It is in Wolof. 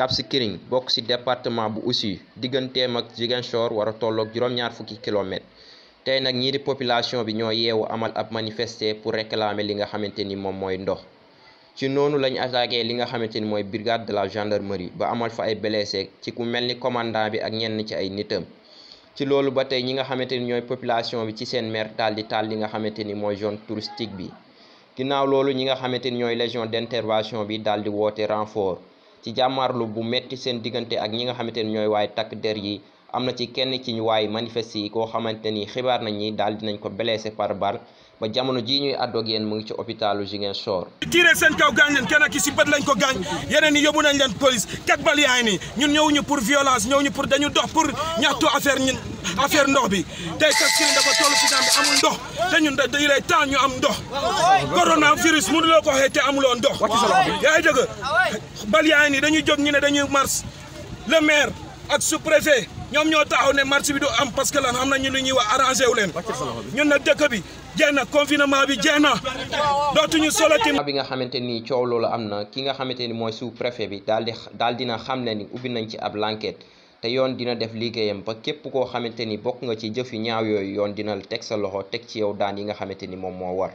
Cap Skirring bokk ci département bu Oussouye digganteem ak Ziguinchor war a tolloog juróom-ñaar fukki kilomètre tey nag ñii di population bi ñoo yeewu amal ab manifester pour réclamer li nga xamante ni moom mooy ndox ci noonu lañ attaqué li nga xamante ni mooy brigade de la gendarmerie ba amal fa ay blessé ci ku mel ni commandant bi ak ñenn ci ay nitam ci loolu ba tey ñi nga xamante ni ñooy population bi ci seen maire taal di taal li nga xamante ni mooy zone touristique bi ginnaaw loolu ñi nga xamante ni ñooy légion d'intervention bi daal di woote renfort ci jàmmaarlu bu metti seen diggante ak ñi nga xamante ni ñooy waaye takk der yi am na ci kenn ci ñu waaye manifeste yi koo xamante ni xibaar nañ ñi daal dinañ ko blessé par balle ba jamono jii ñuy àddoog yéen mu ngi ci hôpitalu Ziguinchor tiire seen kaw gaañ leen kenn ki si bët lañ ko gaañ yeneen ni yóbbu nañ leen police kat bal yaay ni ñun ñëwuñu pour violence ñëwuñu pour dañu dox pour ñaxtu affaire ñun affaire ndox bi tey Kassim dafa tollu si daan bi amul ndox te ñun da il est temps ñu am ndox coronavirus mënu loo ko waxee te amuloo ndox yaa ngi dëgg bal yaa dañuy jóg ñu ne dañuy mars le maire ak sous-préfet ñoom ñoo taxaw ne marché bi du am parce que lan xam nañu lu ñuy wax arrangé wu leen ñun nag dëkk bi jeex na confinement bi jeex na dootuñu soloti bi nga xamante ni coow loolu am na ki nga xamante ni mooy sous-préfet bi daal di daal na xam ne ni ubbi nañ ci ab l'enquête te yoon dina def liggéeyam ba képp koo xamante ni bokk nga ci jëfi ñaaw yooyu yoon dina teg sa loxo teg ci yow daan yi nga xamante ni moom moo war